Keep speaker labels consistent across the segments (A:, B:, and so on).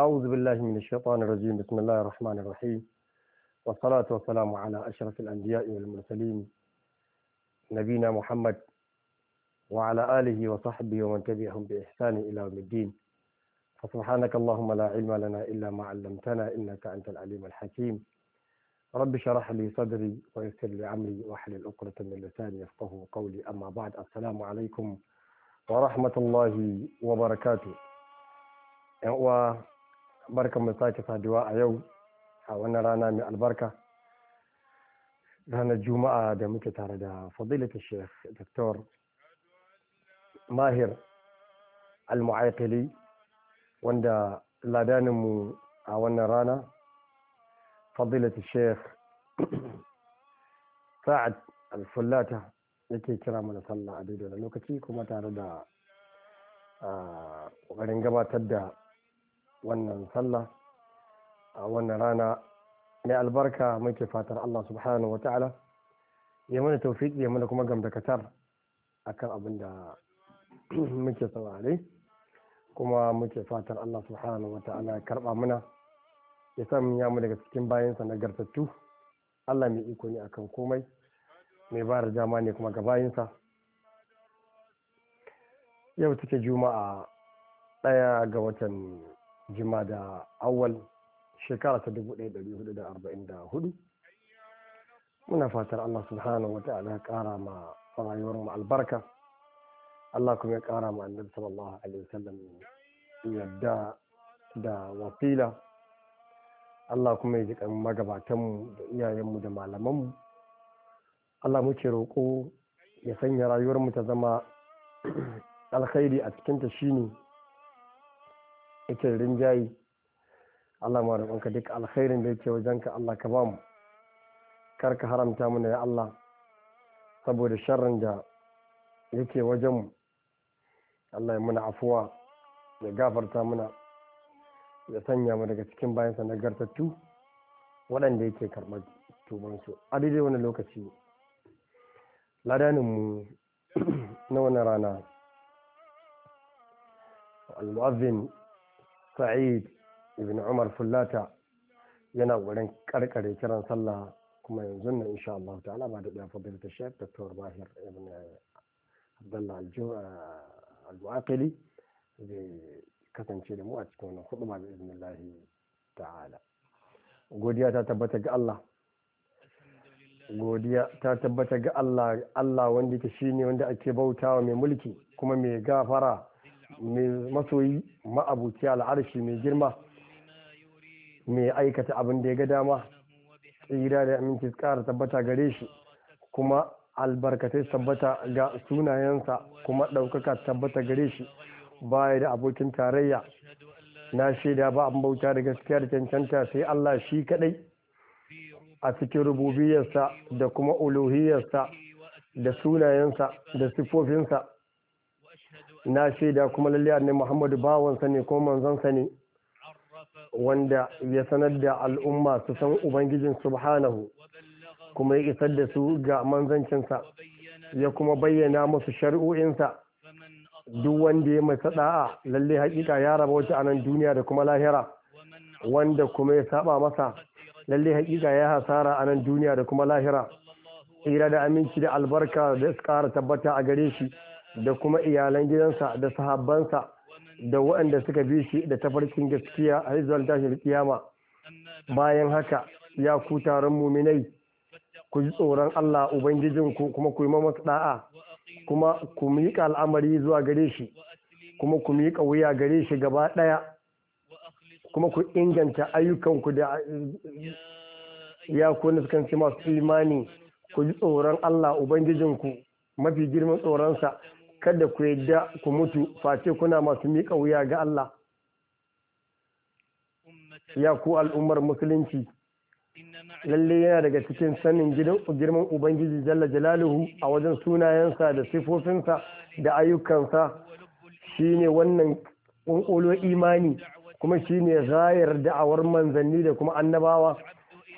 A: أعوذ بالله من الشيطان الرجيم بسم الله الرحمن الرحيم والصلاة والسلام على أشرف الأنبياء والمرسلين نبينا محمد وعلى آله وصحبه ومن تبعهم بإحسان إلى يوم الدين فسبحانك اللهم لا علم لنا إلا ما علمتنا إنك أنت العليم الحكيم رب شرح لي صدري ويسر لي عمري واحلل عقدة من لساني يفقه قولي أما بعد السلام عليكم ورحمة الله وبركاته barkan mu sake saduwa a yau a wannan rana mai albarka ranar juma'a da muke tare da fadilata sheikh dr mahir al-mu'aikali wanda ladaninmu a wannan rana fadilata sheikh sa'ad al-fullata yake kira mana sallah a daidai lokaci kuma tare da ah, ƙoƙarin gabatar da wannan sallah a wannan rana mai albarka muke fatar Allah subhanahu wata'ala ya mana tawfiqi ya mana kuma gamdakatar akan abin da muke saurare kuma muke fatar Allah subhanahu wata'ala ya karba mana ya sanya mu daga cikin bayansa nagartattu Allah mai iko ne akan komai mai ba da dama ne kuma ga sa yau take juma'a ɗaya ga watan jima da awal shekara ta 1444 muna fatar Allah subhanahu wata'ala ya kara ma rayuwar mu albarka Allah kuma ya kara ma annabi sallallahu alaihi wasallam yadda da wafila Allah kuma ya ji kan magabatan mu da iyayen mu da malaman mu Allah muke roƙo ya sanya rayuwar mu ta zama alkhairi a cikinta shine yake rinjayi Allah ma duk alkhairin da yake ka Allah ka bamu kar ka haramta mana ya Allah saboda sharrin da yake wajenmu Allah ya muna afuwa ya gafarta mana ya sanya mu daga cikin bayan bayansa gartattu waɗanda yake karɓar tubansu a daidai wani lokaci mu na wani rana al-mu'azzin sa'id ibn umar fullata yana wurin karkare kiran sallah kuma yanzu nan insha Allah ta'ala ba da dafa bin tashaf dr bahir ibn abdullah al-mu'aqili kasance da mu a cikin wannan huduma bi idnillah ta'ala godiya ta tabbata ga Allah godiya ta tabbata ga Allah Allah wanda yake shine wanda ake bautawa mai mulki kuma mai gafara mai masoyi ma'abuci al'arshi mai girma mai aikata abin da ya ga dama tsira da aminci kara tabbata gare shi kuma albarkatai tabbata ga sunayensa kuma ɗaukaka tabbata gare shi baya da abokin tarayya na shaida ba an bauta da gaskiya da cancanta sai Allah shi kaɗai a cikin rububiyarsa da kuma uluhiyarsa da sunayensa da sifofinsa. na shaida kuma lalle annabi Muhammadu bawansa ne ko manzonsa ne wanda ya sanar da al'umma su san ubangijin subhanahu kuma ya isar da su ga manzancinsa ya kuma bayyana musu shari'o'insa duk wanda ya masa da'a lalle hakika ya raba wata anan duniya da kuma lahira wanda kuma ya saba masa lalle hakika ya hasara anan duniya da kuma lahira ira da aminci da albarka da ƙara tabbata a gare shi da kuma iyalan gidansa da sahabbansa da waɗanda suka bi shi da tafarkin gaskiya a zuwa tashin kiyama bayan haka ya ku taron muminai ku ji tsoron Allah ubangijinku kuma ku yi masa da'a kuma ku miƙa al'amari zuwa gare shi kuma ku miƙa wuya gare shi gaba ɗaya kuma ku inganta ayyukanku da ya ku masu imani ku ji tsoron Allah ubangijinku mafi girman tsoronsa kada ku yadda ku mutu face kuna masu miƙa wuya ga Allah ya ku al'ummar musulunci lalle yana daga cikin sanin girman ubangiji jalla jalaluhu a wajen sunayensa da sifofinsa da ayyukansa shi ne wannan ƙunƙulo imani kuma shi ne zayar da'awar manzanni da kuma annabawa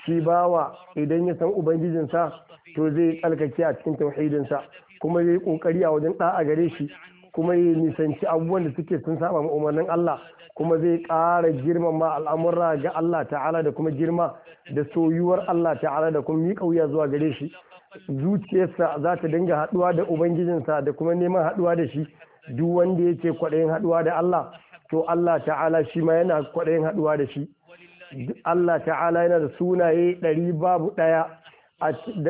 A: shi bawa idan ya san ubangijinsa to zai tsalkake a cikin tauhidinsa kuma ya yi kokari a wajen da'a gare shi kuma ya nisanci abubuwan da suke sun saba umarnin Allah kuma zai ƙara girmama al'amura ga Allah ta'ala da kuma girma da soyuwar Allah ta'ala da kuma miƙa wuya zuwa gare shi zuciyarsa za ta dinga haɗuwa da ubangijinsa da kuma neman haɗuwa da shi duk wanda yake kwaɗayin haɗuwa da Allah to Allah ta'ala shi ma yana kwaɗayin haɗuwa da shi Allah ta'ala yana da sunaye ɗari babu ɗaya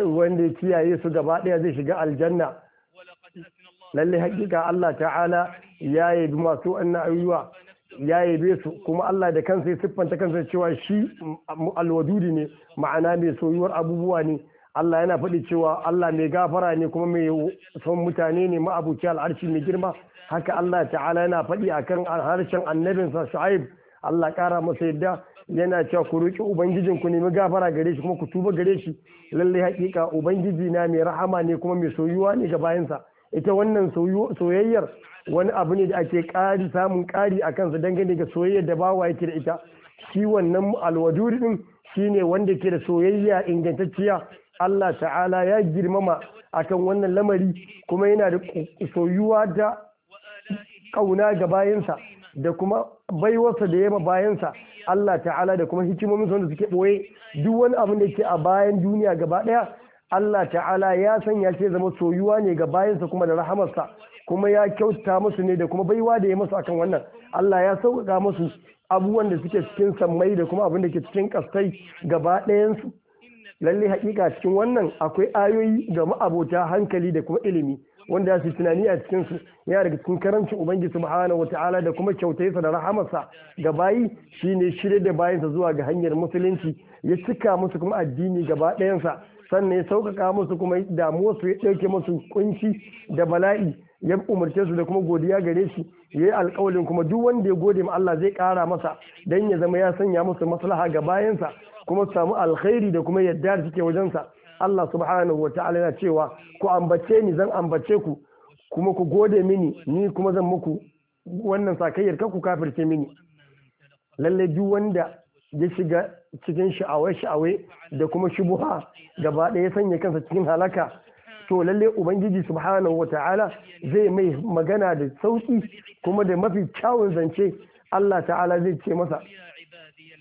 A: wanda ya kiyaye su gaba ɗaya zai shiga aljanna lalle hakika Allah ta'ala ya yabi masu wannan ayyuwa ya yabe su kuma Allah da kansa ya siffanta kansa cewa shi alwadudi ne ma'ana mai soyuwar abubuwa ne Allah yana faɗi cewa Allah mai gafara ne kuma mai son mutane ne ma'abuci al'arshi mai girma haka Allah ta'ala yana faɗi a kan harshen annabinsa Shu'aib Allah ƙara masa yadda yana cewa ku roƙi ubangijin ku nemi gafara gare shi kuma ku tuba gare shi Lallai hakika ubangiji na mai rahama ne kuma mai soyuwa ne ga bayansa ita wannan soyayyar wani abu ne da ake ƙari samun ƙari a kansa dangane ga soyayyar da bawa yake da ita shi wannan alwaduri din shine wanda ke da soyayya ingantacciya Allah ta'ala ya girmama akan wannan lamari kuma yana da soyuwa da ƙauna ga bayansa da kuma baiwarsa da yama bayansa Allah ta'ala da kuma hikimomin da suke ɓoye duk wani abin da ke a bayan duniya gaba ɗaya Allah ta'ala ya sanya shi zama soyuwa ne ga bayansa kuma da rahamarsa kuma ya kyauta musu ne da kuma baiwa da ya musu akan wannan Allah ya sauƙaƙa musu abubuwan da suke cikin sammai da kuma abin da ke cikin kastai gaba ɗayansu lalle haƙiƙa cikin wannan akwai ayoyi ga ma'abota hankali da kuma ilimi wanda ya su tunani a cikin su ya daga cikin karamcin ubangiji subhanahu Ta'ala da kuma kyautayinsa da rahamarsa ga bayi shine shirye da bayansa zuwa ga hanyar musulunci ya cika musu kuma addini gaba ɗayansa sannan ya sauƙaƙa musu kuma damuwar su ya ɗauke musu kunci da bala'i ya umarce su da kuma godiya gare shi ya yi alƙawalin kuma duk wanda ya gode ma Allah zai ƙara masa don ya zama ya sanya musu maslaha ga bayansa kuma su samu alkhairi da kuma yadda da suke wajensa Allah subhanahu wa ta'ala yana cewa ku ambace ni zan ambace ku kuma ku gode mini ni kuma zan muku wannan sakayyar kanku kafirce mini lalle duk wanda ya shiga cikin sha'awe-sha'awe da kuma shubuha gaba ɗaya sanya kansa cikin halaka to lalle ubangiji subhanahu ta'ala zai mai magana da sauki kuma da mafi kyawun zance Allah ta'ala zai ce masa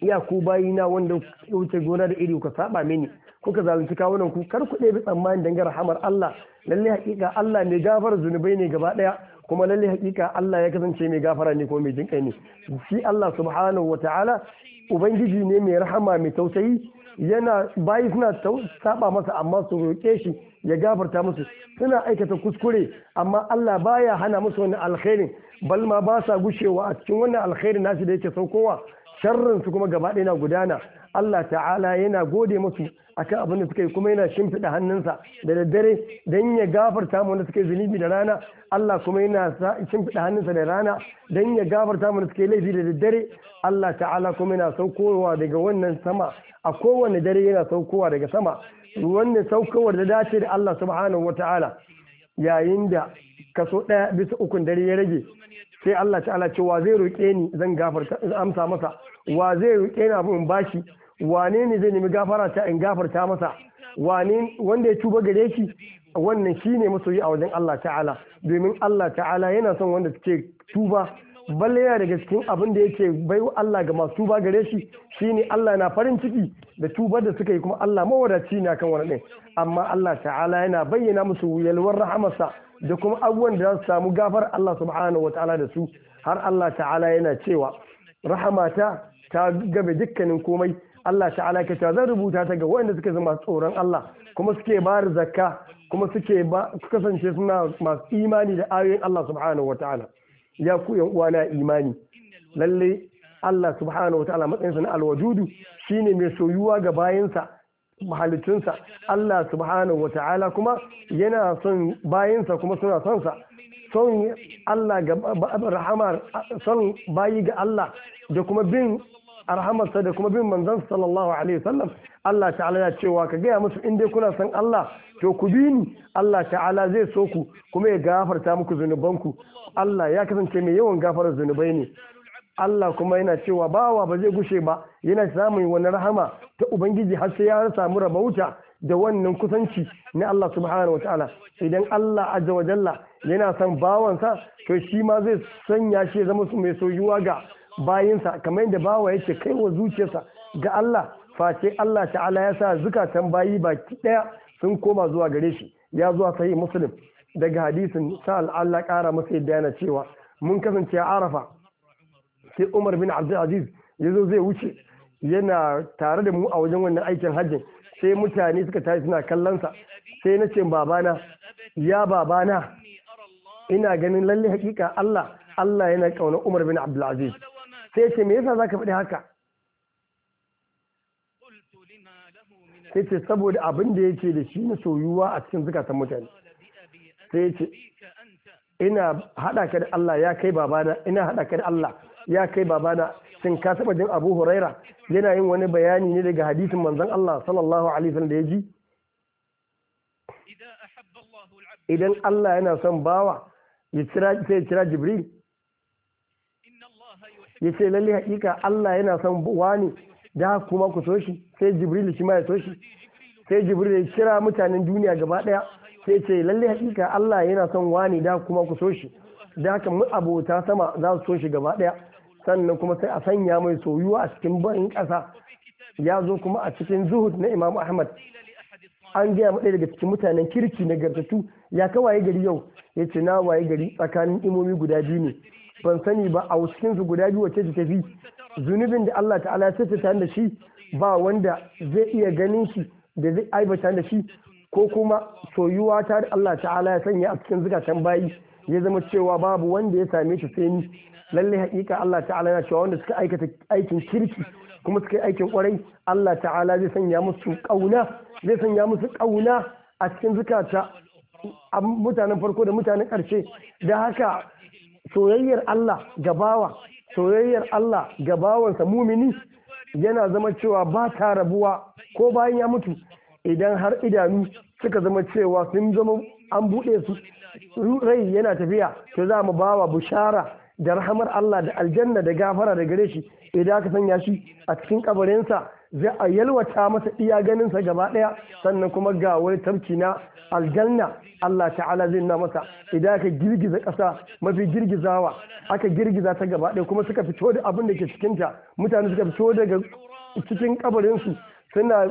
A: ya ku bayina wanda ya wuce gona da iri ku saba mini kuka zalunci kawunan ku kar ku ɗebi tsammani dangar rahamar Allah lalle hakika Allah mai gafar zunubai ne gaba ɗaya kuma lalle hakika Allah ya kasance mai gafara ne kuma mai jinkai ne shi Allah subhanahu ta'ala ubangiji ne mai rahama mai tausayi yana bayi suna saba masa amma su roƙe shi ya gafarta musu suna aikata kuskure amma Allah baya hana musu wani alkhairin bal ma ba sa gushewa a cikin wannan alkhairin nasu da yake saukowa sharrin su kuma gaba ɗaya na gudana Allah ta'ala yana gode musu akan abin da suka yi kuma yana shimfiɗa hannunsa da daddare don ya gafarta mu wanda suka yi zunubi da rana Allah kuma yana shimfiɗa hannunsa da rana don ya gafarta mu wanda suka yi laifi da daddare Allah ta'ala kuma yana saukowa daga wannan sama a kowane dare yana saukowa daga sama wannan saukowar da dace da Allah subhanahu wa yayin da kaso ɗaya bisa ukun dare ya rage sai Allah ta'ala ce wa zai roƙe ni zan gafarta amsa masa wa zai roƙe ni abin bashi wane ne zai nemi gafara ta in gafarta masa wane wanda ya tuba gare shi wannan shine masoyi a wajen Allah ta'ala domin Allah ta'ala yana son wanda suke tuba balle yana daga cikin abin da yake baiwa Allah ga masu tuba gare shi ne Allah na farin ciki da tubar da suka yi kuma Allah mawadaci ne akan wani ɗin amma Allah ta'ala yana bayyana musu yalwar rahamarsa da kuma abubuwan da za su samu gafar Allah subhanahu wataala da su har Allah ta'ala yana cewa rahamata ta gabe dukkanin komai Allah ta'ala ke cewa zan rubuta ta ga waɗanda suke zama tsoron Allah kuma suke ba da zakka kuma suke ba kasance suna masu imani da ayoyin Allah subhanahu wa ta'ala ya ku yan uwa na imani lalle Allah subhanahu wa ta'ala matsayinsa na alwajudu shine mai soyuwa ga bayansa mahalicinsa Allah subhanahu wa ta'ala kuma yana son bayansa kuma suna son sa son Allah ga rahama son bayi ga Allah da kuma bin arhamarsa da kuma bin manzon sallallahu alaihi wasallam Allah ta'ala ya cewa ka gaya musu in dai kuna san Allah to ku bi ni Allah ta'ala zai so ku kuma ya gafarta muku zunubanku Allah ya kasance mai yawan gafarar zunubai ne Allah kuma yana cewa bawa ba zai gushe ba yana samun wani rahama ta ubangiji har sai ya samu rabauta da wannan kusanci na Allah subhanahu wataala idan Allah azza wa jalla yana son bawansa to shi ma zai sanya shi ya zama mai soyuwa ga bayinsa kamar yadda bawa yake kai wa zuciyarsa ga Allah face Allah ta'ala ya sa zukatan bayi baki daya sun koma zuwa gare shi ya zuwa sahih muslim daga hadisin sa Allah kara masa yadda yana cewa mun kasance a Arafa sai Umar bin Abdul Aziz zo zai wuce yana tare da mu a wajen wannan aikin hajji. sai mutane suka tashi suna kallonsa sai na ce babana ya babana ina ganin lalle hakika Allah Allah yana kauna Umar bin Abdul Aziz sai ce me yasa zaka faɗi haka sai ce saboda abin da yake da shi na soyuwa a cikin zukatan mutane sai ce ina haɗa ka da Allah ya kai babana ina haɗa ka da Allah ya kai babana shin ka saba jin Abu Huraira yana yin wani bayani ne daga hadisin manzon Allah sallallahu alaihi wasallam da yaji idan Allah yana son bawa ya kira sai ya kira Jibril ya ce lalle hakika Allah yana son wani da kuma ku so shi sai jibril shi ma ya so shi sai jibril ya kira mutanen duniya gaba ɗaya sai ce lalle hakika Allah yana son wani da kuma ku so shi da haka mu abota sama za su so shi gaba ɗaya sannan kuma sai a sanya mai soyuwa a cikin barin kasa ya zo kuma a cikin zuhud na imam ahmad an gaya mu daga cikin mutanen kirki na gargatu ya kawaye gari yau ya ce na waye gari tsakanin imomi guda biyu ne ban sani ba a cikin su guda biyu wacce ta fi zunubin da Allah ta'ala ya sassa da shi ba wanda zai iya ganin shi da zai aibata da shi ko kuma soyuwa ta da Allah ta'ala ya sanya a cikin zukatan bayi ya zama cewa babu wanda ya same shi sai ni lalle hakika Allah ta'ala yana cewa wanda suka aikata aikin kirki kuma suka yi aikin kwarai Allah ta'ala zai sanya musu kauna zai sanya musu kauna a cikin zukata mutanen farko da mutanen ƙarshe da haka soyayyar Allah ga bawa soyayyar Allah ga bawansa mumini yana zama cewa ba ta rabuwa ko bayan ya mutu idan har idanu suka zama cewa sun zama an buɗe su rai yana tafiya to za mu bawa bushara da rahamar Allah da aljanna da gafara da gare shi idan aka sanya shi a cikin kabarinsa Zai a yalwata masa iya ganinsa gaba ɗaya sannan kuma ga wani tafki na aljanna Allah ta'ala zai na masa idan aka girgiza ƙasa mafi girgizawa aka girgiza ta gaba ɗaya kuma suka fito da abin da ke cikinta mutane suka fito daga cikin kabarinsu suna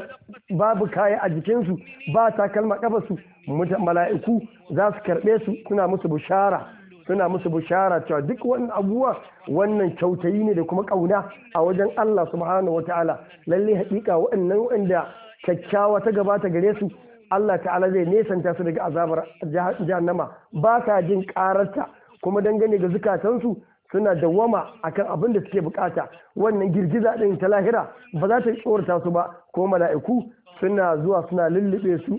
A: babu kaya a jikinsu ba takalma kafarsu mala'iku za su karɓe su suna musu bushara suna musu bishara cewa duk wannan abubuwa wannan kyautayi ne da kuma kauna a wajen Allah subhanahu wataala lalle hakika waɗannan waɗanda kyakkyawa ta gabata gare su Allah ta'ala zai nesanta su daga azabar jahannama ba sa jin ƙararta kuma dangane ga zukatansu suna dawwama akan abin da suke bukata wannan girgiza ɗin ta lahira ba za ta tsorata su ba ko mala'iku suna zuwa suna lullube su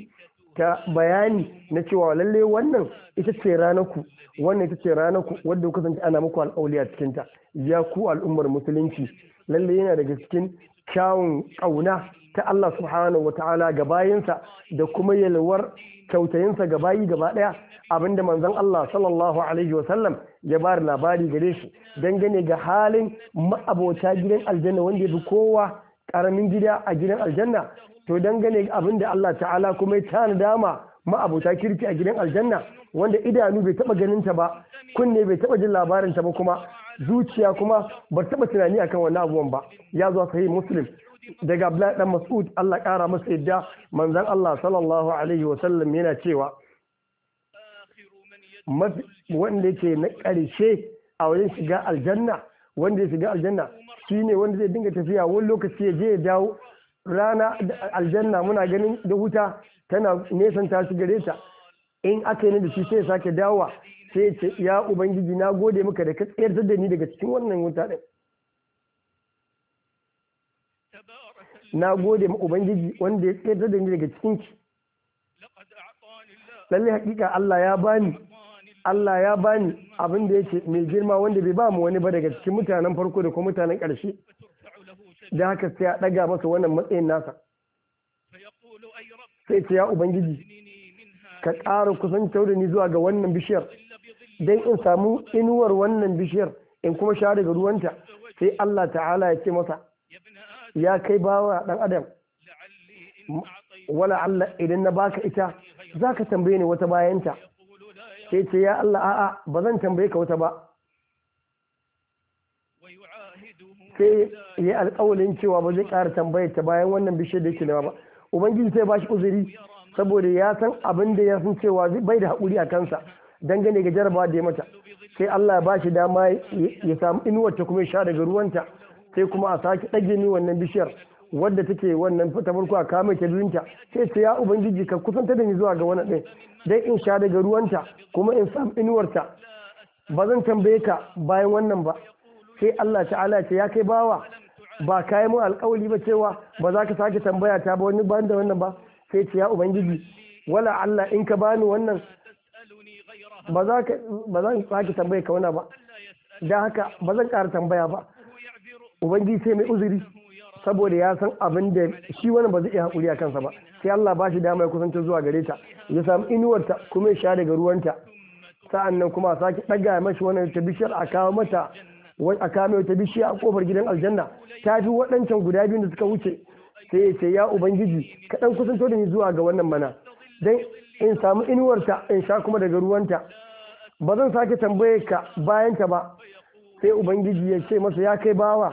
A: ta bayani na cewa lallai wannan ita ce ranaku wannan ita ce ranaku wadda ku kasance ana muku al'auliya cikin ta ya ku al'ummar musulunci lallai yana daga cikin kyawun kauna ta Allah subhanahu wata'ala ga bayinsa da kuma yalwar kyautayinsa ga bayi gaba daya abinda manzon Allah sallallahu alaihi wasallam ya ba da labari gare shi dangane ga halin ma'abota gidan aljanna wanda ya fi kowa karamin gida a gidan aljanna to dangane abin da Allah ta'ala kuma ya tana dama ma'abuta kirki a gidan aljanna wanda idanu bai taba ganin ta ba kunne bai taba jin labarin ta ba kuma zuciya kuma ba taba tunani akan wannan abuwan ba ya zo sahih muslim daga Abdullahi dan Mas'ud Allah kara masa yadda manzon Allah sallallahu alaihi wa sallam yana cewa wanda yake na ƙarshe a wajen shiga aljanna wanda ya shiga aljanna shine wanda zai dinga tafiya wani lokaci ya je ya dawo rana aljanna muna ganin da wuta tana ta su gare ta in aka yi da shi sai sake dawa sai ce ya ubangiji na gode maka da ka tsayar da ni daga cikin wannan wuta din na gode ma ubangiji wanda ya tsayar da ni daga cikin ki lalle hakika Allah ya bani Allah ya bani abin da yake mai girma wanda bai ba mu wani ba daga cikin mutanen farko da kuma mutanen ƙarshe da haka sai ya ɗaga masa wannan matsayin nasa sai ce ya ubangiji ka ƙara kusan da ni zuwa ga wannan bishiyar don in samu inuwar wannan bishiyar in kuma sha daga ruwanta sai Allah ta'ala ya ce masa ya kai bawa ɗan adam wala Allah idan na baka ita za ka tambaye ni wata bayanta sai ce ya Allah a'a ba zan tambaye ka wata ba sai ya alƙawalin cewa ba zai ƙara tambayar ta bayan wannan bishiyar da yake nema ba ubangiji sai ba shi uzuri saboda ya san abin da ya san cewa bai da haƙuri a kansa dangane ga jarabawa da ya mata sai Allah ya ba dama ya samu inuwar ta kuma ya sha daga ruwanta sai kuma a sake ɗage ni wannan bishiyar wadda take wannan ta farko a kame ta dunta sai ta ya ubangiji ka kusanta da ni zuwa ga wannan ɗin dai in sha daga ruwanta kuma in samu inuwarta ba zan tambaye ka bayan wannan ba sai Allah ta'ala ce ya kai bawa ba ka yi mu alkawali ba cewa ba za ka sake tambaya ta ba wani ban da wannan ba sai ce ya ubangiji wala Allah in ka bani wannan ba za ka ba zan sake tambaya ka ba dan haka ba zan ƙara tambaya ba ubangiji sai mai uzuri saboda ya san abin da shi wani ba zai iya hakuri a kansa ba sai Allah ba shi dama ya kusanta zuwa gare ta ya samu inuwarta kuma ya sha daga ruwanta sa'an nan kuma sake ɗaga mashi wannan ta bishiyar a kawo mata Wai a kame ta bishiya a kofar gidan aljanna ta fi waɗancan guda biyun da suka wuce sai ya ce ya ubangiji ka ɗan kusanto da ni zuwa ga wannan mana dan in samu inuwarta in sha kuma daga ruwanta ba zan sake tambaye ka bayanta ba sai ubangiji ya ce masa ya kai bawa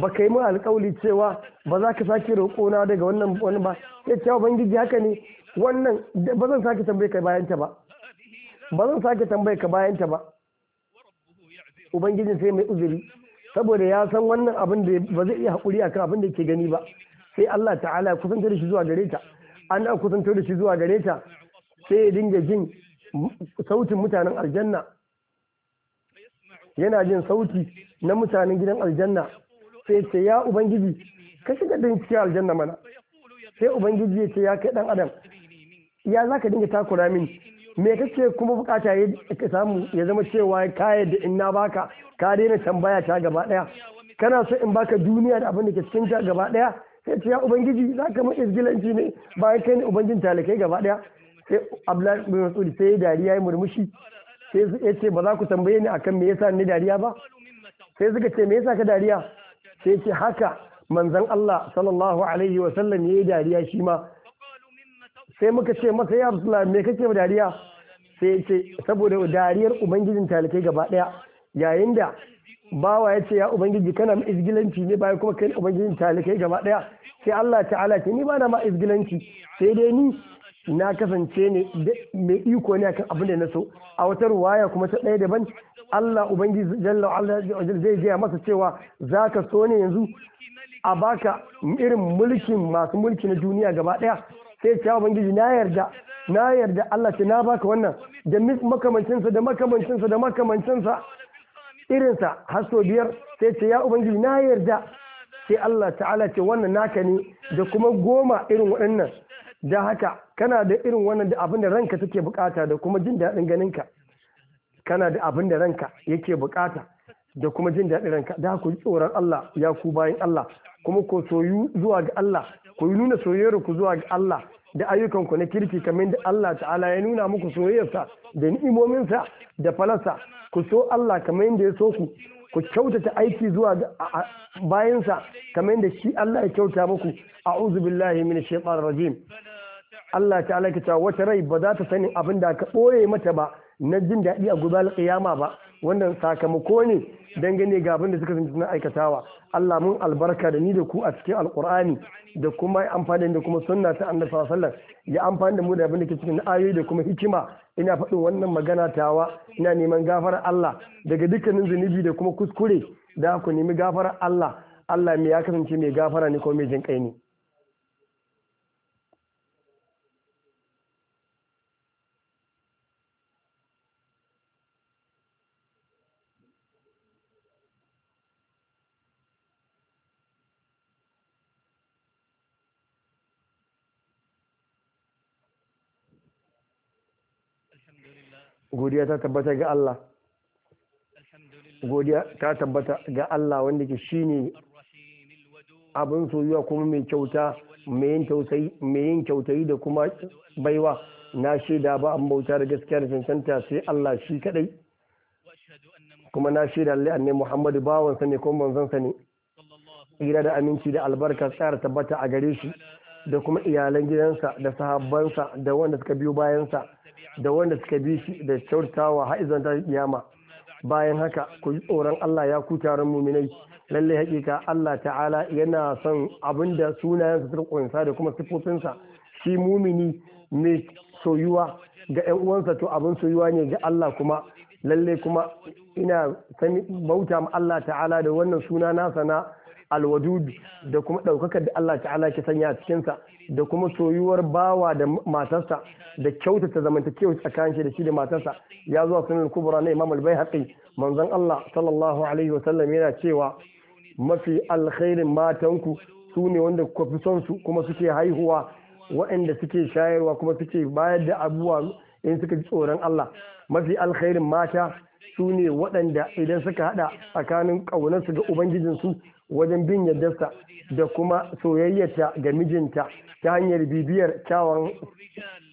A: ba ka yi min cewa ba za ka sake roƙona daga wannan wani ba ya ce ubangiji haka ne wannan ba zan sake tambaye ka ta ba ba zan sake tambaye ka bayanta ba ubangijin sai mai uzuri saboda ya san wannan abin da ba zai iya haƙuri akan abin da ke gani ba sai Allah ta'ala kusantar da shi zuwa gare ta an da kusantar da shi zuwa gare ta sai ya dinga jin sautin mutanen aljanna yana jin sauti na mutanen gidan aljanna sai ce ya ubangiji ka shiga din cikin aljanna mana sai ubangiji ya ce ya kai dan adam ya za ka dinga takura mini. me kake kuma bukata ya samu ya zama cewa ka da in na baka ka daina tambaya ta gaba daya kana so in baka duniya da abin da ke cikin ta gaba daya sai ce ya ubangiji za ka mu izgilanci ne bayan kai ne ubangin talakai gaba daya sai abdullahi bin mas'ud sai dariya ya murmushi sai ya ce ba za ku tambaye ni akan me yasa ni dariya ba sai suka ce me yasa ka dariya sai ce haka manzon Allah sallallahu alaihi wa sallam yayi dariya shi ma sai muka ce masa ya rasulullah me kake ma dariya sai ce saboda dariyar ubangijin talikai gaba daya yayin da bawa ya ce ya ubangiji kana ma izgilanci ne bayan kuma kai ubangijin talikai gaba daya sai Allah ta'ala ce ni ba na ma izgilanci sai dai ni na kasance ne mai iko ne akan abin da na so a wata ruwaya kuma ta ɗaya daban Allah ubangiji jalla Allah zai gaya masa cewa zaka so ne yanzu a baka irin mulkin masu mulki na duniya gaba ɗaya sai ce bangiji na yarda na yarda Allah ce na baka wannan da makamancinsa da makamancinsa da makamancinsa irinsa har sau biyar sai ce ya ubangiji na yarda sai Allah ta'ala ce wannan naka ne da kuma goma irin waɗannan da haka kana da irin wannan da abin da ranka take bukata da kuma jin daɗin ganinka kana da abin da ranka yake bukata da kuma jin daɗin ranka da ku tsoron Allah ya ku bayan Allah kuma ku soyu zuwa ga Allah ku yi nuna soyayyar ku zuwa ga Allah da ayyukanku na kirki kamar da Allah ta'ala ya nuna muku soyayyarsa da ni'imominsa da falasa ku so Allah kamar yadda ya so ku ku kyautata aiki zuwa bayansa kamar da shi Allah ya kyauta muku a'udhu billahi minash shaitanir rajim Allah ta'ala ya ka wata rai ba za ta sani abin da ka ɓoye mata ba na jin daɗi a gudanar ƙiyama ba wannan sakamako ne dangane ga abin da suka sanci suna aikatawa Allah mun albarka da ni da ku a cikin alkur'ani da kuma amfani da kuma sunna ta annabi sallallahu ya amfani da mu da abin da ke cikin ayoyi da kuma hikima ina faɗin wannan magana tawa ina neman gafarar Allah daga dukkanin zunubi da kuma kuskure da ku nemi gafarar Allah Allah me ya kasance mai gafara ne ko mai jin kai ne godiya ta tabbata ga Allah godiya ta tabbata ga Allah wanda ke shine abin soyuwa kuma mai kyauta mai yin tausayi mai yin kyautayi da kuma baiwa na shaida ba an bauta da gaskiya da cancanta sai Allah shi kadai kuma na shaida lalle annai Muhammadu bawansa ne kuma manzon ne ira da aminci da albarka tsara tabbata a gare shi da kuma iyalan gidansa da sahabbansa da wanda suka biyo bayansa da wanda suka bi shi da kyautawa haizan ta kiyama bayan haka ku yi tsoron Allah ya ku taron muminai lalle hakika Allah ta'ala yana son abinda sunayensa su turkunsa da kuma sifofinsa shi mumini mai soyuwa ga yan uwansa to abin soyuwa ne ga Allah kuma lalle kuma ina bauta ma Allah ta'ala da wannan suna nasa na alwadudu da kuma ɗaukakar da Allah ta'ala ke sanya a cikinsa da kuma soyuwar bawa da matarsa da kyautata zamantakewa tsakanin shi da shi da matarsa ya zuwa sunan kubra na imam al-baihaqi manzon Allah sallallahu alaihi wa sallam yana cewa mafi alkhairin matanku su ne wanda kuka fi son su kuma suke haihuwa waɗanda suke shayarwa kuma suke bayar da abubuwa in suka ji tsoron Allah mafi alkhairin mata su ne waɗanda idan suka haɗa tsakanin ƙaunarsu ga ubangijinsu wajen bin yardarsa da kuma soyayyata ga mijinta ta hanyar bibiyar kyawun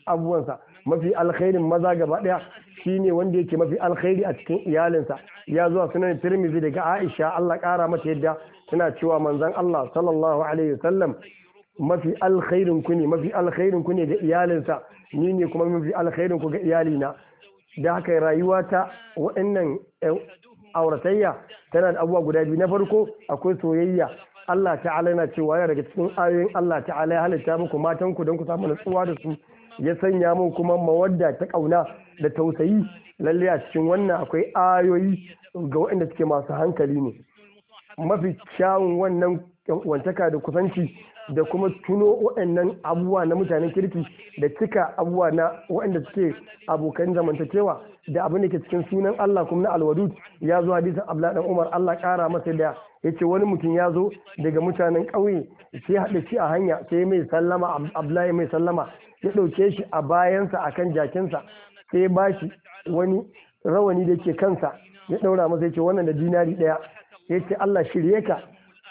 A: abubuwansa mafi alkhairin maza gaba ɗaya shi ne wanda yake mafi alkhairi a cikin iyalinsa ya zuwa sunan tirmizi daga aisha allah ƙara mata yadda tana cewa manzan allah sallallahu alaihi wasallam mafi alkhairin ku ne mafi alkhairin ne ga iyalinsa ni ne kuma mafi alkhairin ku ga iyalina da haka rayuwa ta waɗannan eh, auratayya tana da abubuwa guda biyu na farko akwai soyayya Allah ta'ala yana cewa yana daga cikin ayoyin Allah ta'ala ya halitta muku matan ku don ku samu nutsuwa da su ya sanya mu kuma mawadda ta kauna da tausayi lalle a cikin wannan akwai ayoyi ga waɗanda suke masu hankali ne mafi kyawun wannan wantaka da kusanci da kuma tuno waɗannan abubuwa na mutanen kirki da cika abubuwa na waɗanda suke abokan zamantakewa da abin da ke cikin sunan Allah kuma na alwadud ya zo hadisin abla dan Umar Allah kara masa da ce wani mutum ya zo daga mutanen ƙauye sai hada shi a hanya sai mai sallama Abdullahi mai sallama ya ɗauke shi a bayansa akan jakinsa sai ba bashi wani rawani da ke kansa ya ɗaura masa yace wannan da dinari ɗaya yace Allah shirye ka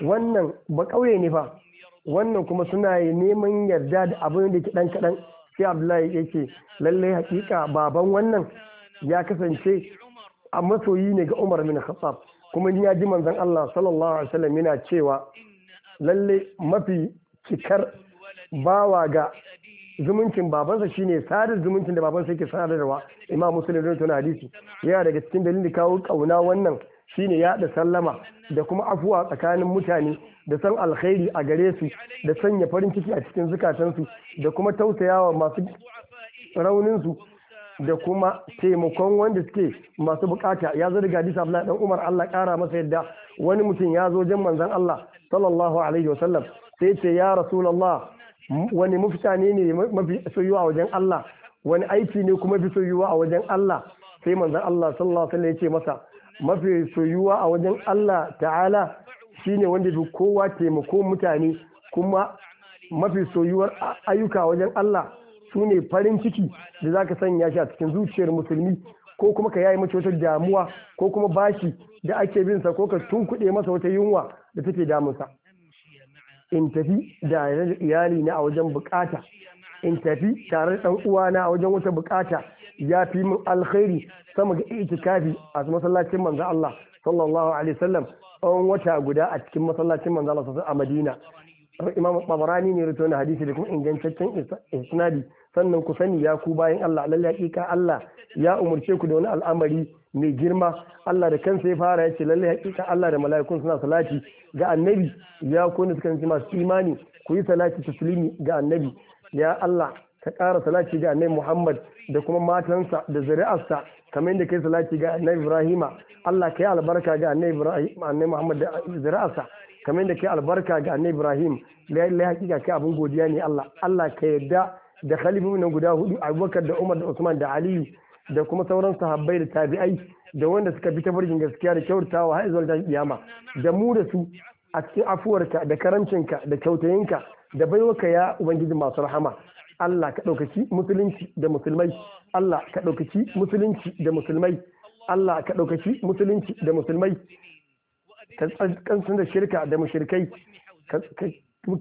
A: wannan ba ƙauye ne fa wannan kuma suna yi neman yarda da abin da ke ɗan kaɗan sai abdullahi ya ce lallai hakika baban wannan ya kasance a masoyi ne ga umar bin khattab kuma ya ji manzon Allah sallallahu alaihi wasallam yana cewa lallai mafi cikar bawa ga zumuncin babansa shine sadar zumuncin da babansa yake sadarwa imam muslim rin tuna hadisi yana daga cikin dalilin kawo kauna wannan shine yaɗa sallama da kuma afuwa tsakanin mutane da san alkhairi a gare su da sanya farin ciki a cikin zukatansu da kuma tausayawa masu rauninsu da kuma taimakon wanda suke masu bukata ya zo daga hadisi Abdullahi dan Umar Allah kara masa yadda wani mutum ya zo jan manzon Allah sallallahu alaihi wasallam sai ce ya rasulullah wani mafita ne ne mafi soyuwa a wajen Allah wani aiki ne kuma fi soyuwa a wajen Allah sai manzon Allah sallallahu alaihi wasallam ya ce masa mafi soyuwa a wajen Allah ta'ala shi ne wanda fi kowa taimako mutane kuma mafi soyuwar ayyuka wajen Allah su ne farin ciki da za ka sanya shi a cikin zuciyar musulmi ko kuma ka yayi mace wata damuwa ko kuma bashi da ake bin sa ko ka tunkuɗe masa wata yunwa da take damunsa in tafi da iyali na a wajen bukata in tafi tare da uwana a wajen wata bukata ya fi min alkhairi sama ga itikafi a masallacin manzo Allah sallallahu alaihi wasallam tsawon wata guda a cikin masallacin manzo Allah sallallahu a Madina Imam Babarani ne rito na hadisi da kuma ingantaccen isnadi sannan ku sani ya ku bayan Allah lalle hakika Allah ya umurce ku da wani al'amari mai girma Allah da kansa ya fara ya ce lalle hakika Allah da mala'ikun suna salati ga annabi ya ku ne suka masu imani ku yi salati taslimi ga annabi ya Allah ka ƙara salaci ga annabi Muhammad da kuma matansa da zuri'arsa kamar yadda kai salati ga annabi Ibrahima Allah kai albarka ga annabi Ibrahim annabi Muhammad da zuri'arsa kamar yadda kai albarka ga annabi Ibrahim lai hakika kai abin godiya ne Allah Allah ka yadda da khalifu nan guda hudu Abubakar da Umar da Usman da Ali da kuma sauran sahabbai da tabi'ai da wanda suka bi farkin gaskiya da kyautawa har zuwa tashin kiyama da mu da su a cikin afuwarka da karamcinka da kyautayinka da baiwarka ya ubangiji masu rahama Allah ka ɗaukaki musulunci da musulmai Allah ka ɗaukaki musulunci da musulmai Allah ka ɗaukaki musulunci da musulmai ka tsakansun da shirka da mushrikai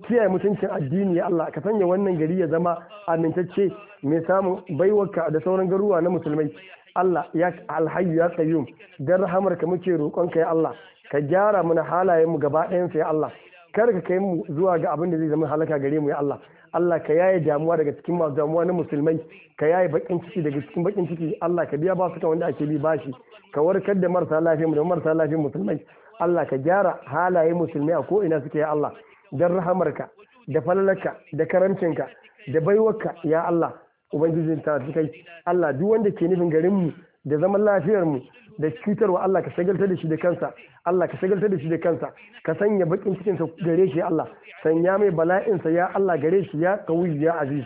A: kiyaye mutuncin addini ya Allah ka sanya wannan gari ya zama amintacce mai samun baiwarka da sauran garuwa na musulmai Allah ya alhayyu ya qayyum dan ka muke roƙonka ya Allah ka gyara mana halayen mu gaba ɗayansa ya Allah kar ka kai mu zuwa ga abin da zai zama halaka gare mu ya Allah Allah ka yaye damuwa daga cikin masu damuwa na musulmai ka yaye bakin ciki daga cikin bakin ciki Allah ka biya basu kan wanda ake bi bashi ka warkar da marasa lafiya mu da marasa lafiya musulmai Allah ka gyara halaye musulmai a ko ina suke ya Allah dan rahamarka da fallarka da karamcinka da baiwarka ya Allah ubangijin ta kai Allah duk wanda ke nufin garin mu da zaman lafiyar mu da cutarwa Allah ka shagaltar da shi da kansa Allah ka shagaltar da shi da kansa ka sanya bakin cikin sa gare shi Allah sanya mai bala'in sa ya Allah gare shi ya kawiz ya aziz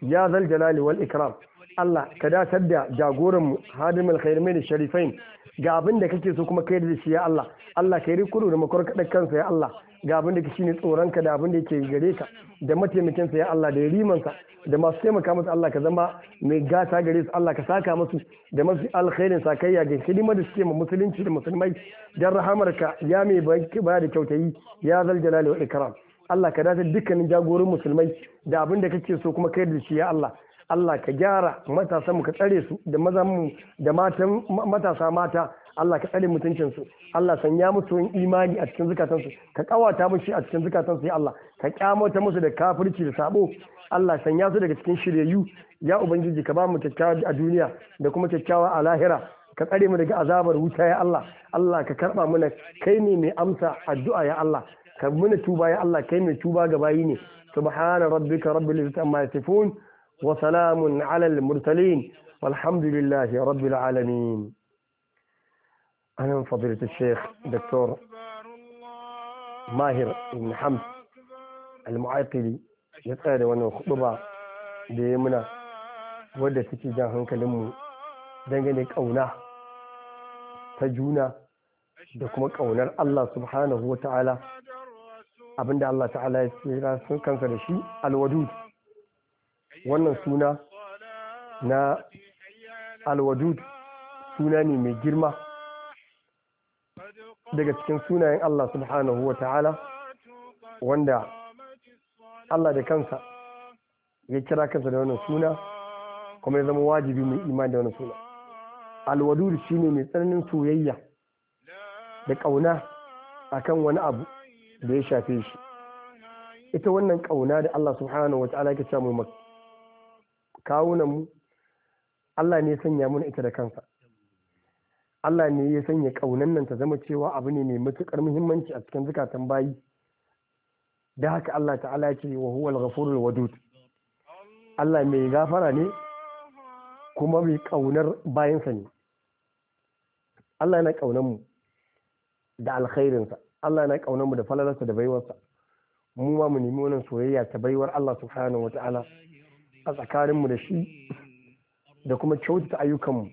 A: ya zal jalali wal ikram Allah ka datar da jagoran mu hadimul khairmain sharifain ga abin da kake so kuma kai da shi ya Allah Allah ka yi rikuru da makarkadar kansa ya Allah ga abin da ke shine tsoronka da abin da ke gare ka da mataimakin sa ya Allah da rimansa da masu taimaka masa Allah ka zama mai gata gare su Allah ka saka musu da masu alkhairin sakayya ga hidimar da suke ma musulunci da musulmai dan rahamarka ya mai ba da kyautayi ya zal jalali wa ikram Allah ka dace dukkanin jagorin musulmai da abin da kake so kuma kai da shi ya Allah Allah ka gyara matasan mu ka tsare su da mazan mu da matan matasa mata Allah ka tsare mutuncin su Allah sanya mutu yin imani a cikin zukatan su ka kawata musu a cikin zukatan su ya Allah ka kyamata musu da kafirci da sabo Allah sanya su daga cikin shiryayyu ya ubangiji ka ba mu kyakkyawa a duniya da kuma kyakkyawa a lahira ka tsare mu daga azabar wuta ya Allah Allah ka karba mana kai ne mai amsa addu'a ya Allah ka muna tuba ya Allah kai mai tuba ga bayi ne subhana rabbika rabbil izzati amma yasifun wa salamun alal mursalin والحمد لله رب العالمين أهلا فضيلة الشيخ mahir ibn hamd al المعاقلي ya tsaya da wannan ba da ya muna wadda take jan hankalinmu dangane ƙauna ta juna da kuma ƙaunar Allah subhanahu wa abinda Allah ta'ala ya tsira sun kansa da shi alwadud wannan suna na alwadud suna ne mai girma daga cikin sunayen Allah subhanahu wa ta'ala wanda Allah da kansa ya kira kansa da wannan suna kuma ya zama wajibi mai imani da wannan suna alwadud shine mai tsananin soyayya da ƙauna akan wani abu da ya shafe shi ita wannan ƙauna da Allah subhanahu wa ta'ala ya kira mu kawunan mu Allah ne ya sanya mana ita da kansa Allah ne ya sanya ƙaunan nan ta zama cewa abu ne mai matuƙar muhimmanci a cikin zukatan bayi da haka Allah ta'ala ya ce wa huwal ghafurul wadud Allah mai gafara ne kuma mai ƙaunar bayansa ne Allah yana ƙaunar mu da alkhairinsa Allah yana ƙaunar mu da falalarsa da baiwarsa mu ma mu nemi wannan soyayya ta baiwar Allah subhanahu a tsakaninmu da shi da kuma kyautata ayyukanmu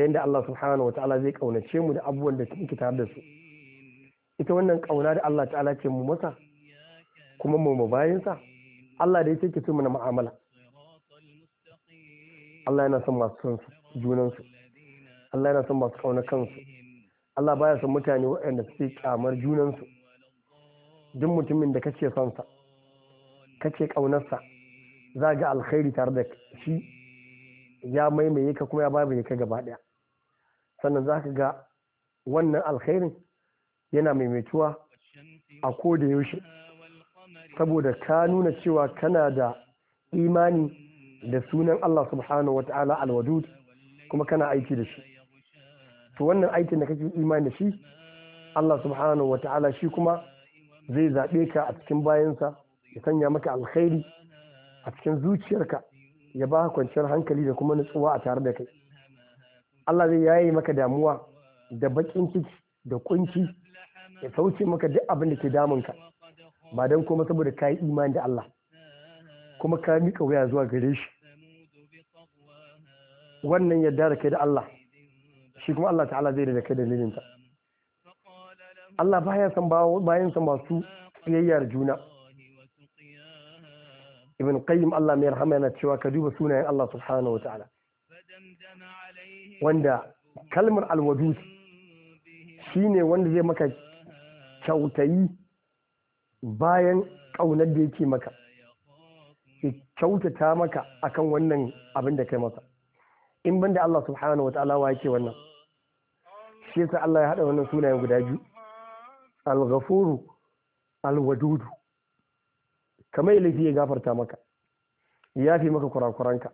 A: ta yadda Allah subhanahu wa ta'ala zai kaunace mu da abubuwan da suke tare da su ita wannan kauna da Allah ta'ala ce mu masa kuma mu mu bayansa Allah da ya take ki na mu'amala Allah yana son masu son Allah yana son masu kauna kansu Allah baya son mutane waɗanda suke kyamar junansu duk mutumin da kace son sa kace kaunarsa za ga alkhairi tare da shi ya maimaye ka kuma ya babu ka gaba daya sannan za ka ga wannan alkhairin yana maimaituwa a koda yaushe saboda ka nuna cewa kana da imani da sunan Allah subhanahu wa ta'ala alwadud kuma kana aiki da shi to wannan aikin da kake imani da shi Allah subhanahu wa ta'ala shi kuma zai zaɓe ka a cikin bayansa ya sanya maka alkhairi a cikin zuciyarka ya ba kwanciyar hankali da kuma nutsuwa a tare da kai Allah zai yaye maka damuwa da bakin ciki da kunci ya sauke maka duk abin da ke damunka ba don kuma saboda ka yi imani da Allah kuma ka mika wuya zuwa gare shi wannan yadda da kai da Allah shi kuma Allah ta'ala zai da kai da lilinta Allah ya san bayan san masu tsayayyar juna ibn qayyim Allah mai rahama yana cewa ka duba sunayen Allah subhanahu wa ta'ala wanda kalmar alwadud ne wanda zai maka kyautayi bayan ƙaunar da yake maka ya kyautata maka akan wannan abin da kai masa in ban da Allah subhanahu wa ta'ala wa yake wannan shi yasa Allah ya haɗa wannan sunayen guda biyu al-ghafuru al-wadudu kamar laifi ya gafarta maka ya fi maka kurakuranka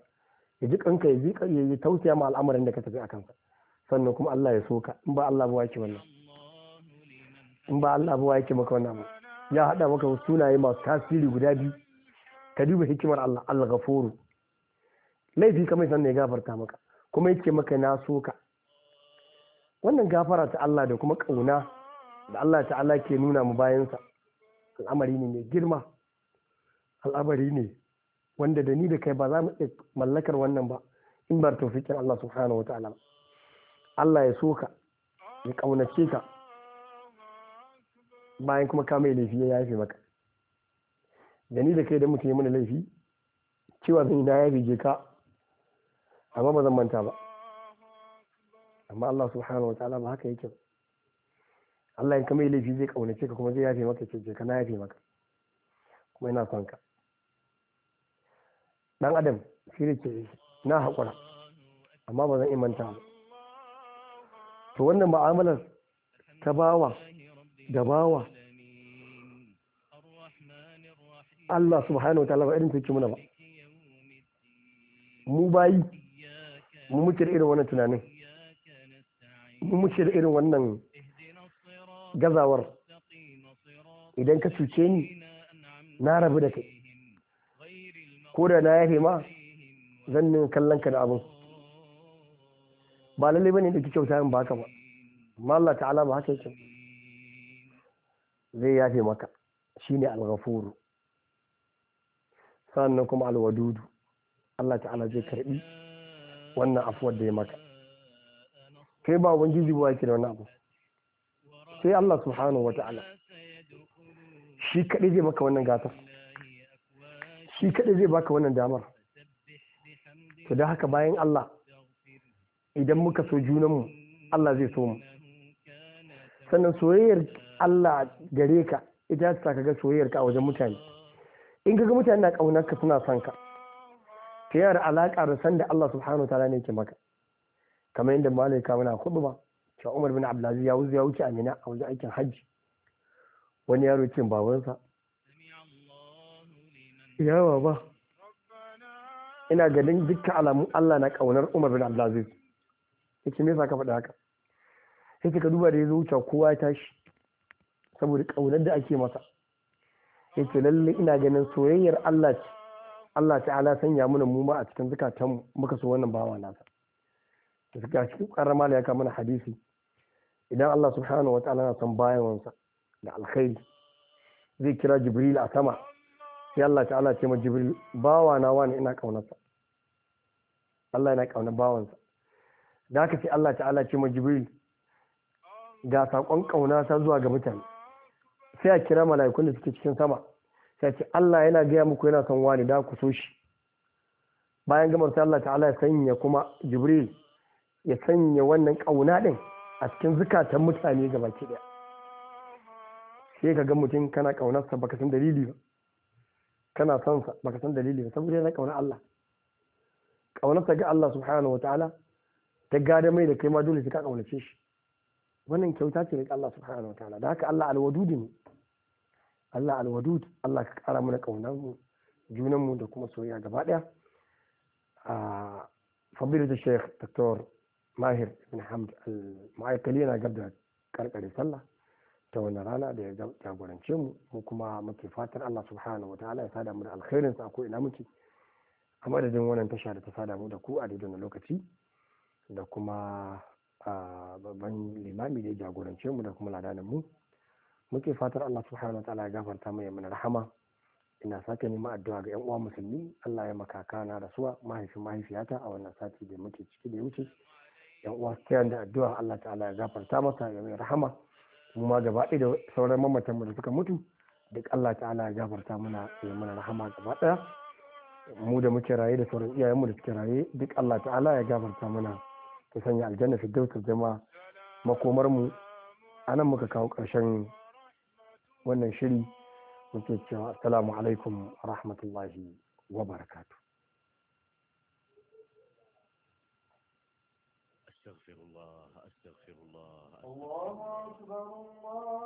A: ya ji kanka ya ji ya tausaya ma al'amarin da ka tafi a kansa sannan kuma Allah ya soka in ba Allah ba yake wannan in ba Allah ba yake maka wannan ya hada maka sunaye masu tasiri guda biyu ka duba hikimar Allah al-ghafuru laifi kamar sannan ya gafarta maka kuma yake maka na soka wannan gafara ta Allah da kuma kauna da Allah ta'ala ke nuna mu bayansa al'amari ne mai girma al'amari ne wanda da ni da kai ba za mu iya mallakar wannan ba in bar tofikin Allah subhanahu wataala Allah ya so ka ya kaunace ka bayan kuma ka mai laifi ya yafe maka da ni da kai da mutum ya mana laifi cewa zan yi na yafe je ka amma ba zan manta ba amma Allah subhanahu wataala ba haka yake Allah in ka mai laifi zai kaunace ka kuma zai yafe maka ce je ka na yafe maka kuma ina son ka dan adam shi da ke na haƙura amma ba zan imanta ba to wannan ma'amalar ta bawa da bawa Allah subhanahu wa ta'ala ba irin cikin muna ba mu bayi mu muke da irin wannan tunanin mu muke da irin wannan gazawar idan ka cuce ni na rabu da kai ko da na yafe ma zan nuna kallon ka da abin ba lalle bane da kike kyauta in baka ba amma Allah ta'ala ba haka yake zai yafe maka shine al-ghafuru sannan kuma al-wadudu Allah ta'ala zai karbi wannan afuwar da ya maka kai ba ubangiji ba yake da wannan abu sai Allah subhanahu wa ta'ala shi kaɗai zai maka wannan gatar shi kaɗai zai baka wannan damar to da haka bayan Allah idan muka so junanmu Allah zai so mu sannan soyayyar Allah gare ka ita ta ga soyayyar ka a wajen mutane in kaga mutane na ƙaunar ka suna son ka ta yara alaƙa da san da Allah subhanahu wa ta'ala ne yake maka kamar yadda ka muna kudu ba cewa Umar bin Abdulaziz ya wuce ya wuce Amina a wajen aikin hajji wani yaro ce babansa yawa ba ina ganin dukkan alamun Allah na ƙaunar Umar bin Abdulaziz yace me yasa ka faɗa haka sai ka duba da ya zo wuce kowa ya tashi saboda ƙaunar da ake masa yace lallai ina ganin soyayyar Allah ce Allah ta'ala sanya mana mu ma a cikin zukatan muka so wannan bawa nasa to ga cikin karama ya kama mana hadisi idan Allah subhanahu wa ta'ala na san bayawansa da alkhairi zai kira Jibril a sama sai Allah ta'ala ce ma jibril bawa na wani ina kaunarsa Allah yana kaunar bawansa da aka ce Allah ta'ala ce ma jibril ga sakon kauna ta zuwa ga mutane sai a kira mala'ikun da suke cikin sama sai ce Allah yana gaya muku yana son wani da ku so shi bayan gamar sai Allah ta'ala ya sanya kuma jibril ya sanya wannan kauna din a cikin zukatan mutane gaba ki daya sai ka ga mutum kana kaunarsa baka san dalili ba kana son sa baka san dalili ba saboda yana kauna Allah kaunarsa ga Allah subhanahu wa ta gada mai da kai ma dole sai ka kaunace shi wannan kyauta ce daga Allah subhanahu wa da haka Allah alwadud ne Allah alwadud Allah ka kara mana kaunar mu junan mu da kuma soyayya gaba daya a ah, da shaykh dr mahir bin hamd al-mu'aykali yana gab karkare sallah ta wannan rana da ya jagorance mu mu kuma muke fatar Allah subhanahu wataala ya sada mu da alkhairin sa ko ina muke a madadin wannan tasha da ta sada mu da ku a daidai lokaci da kuma babban limami da ya jagorance mu da kuma ladanin mu muke fatar Allah subhanahu wataala ya gafarta mu ya mana rahama ina sake neman addu'a ga yan uwa musulmi Allah ya makaka na rasuwa mahaifin mahaifiyata a wannan sati da muke ciki da ya wuce yan uwa su da addu'a Allah ta'ala ya gafarta mata ya mai rahama su ma gaba ɗaya da sauran mamatan da suka mutu duk Allah ta'ala ya gafarta mana ya mana rahama gaba ɗaya mu da muke raye da sauran iyayenmu da suke raye duk Allah ta'ala ya gafarta mana ta sanya aljanna fi dautar zama makomar mu anan muka kawo karshen wannan shiri muke cewa assalamu alaikum rahmatullahi wa barakatuh الله أكبر الله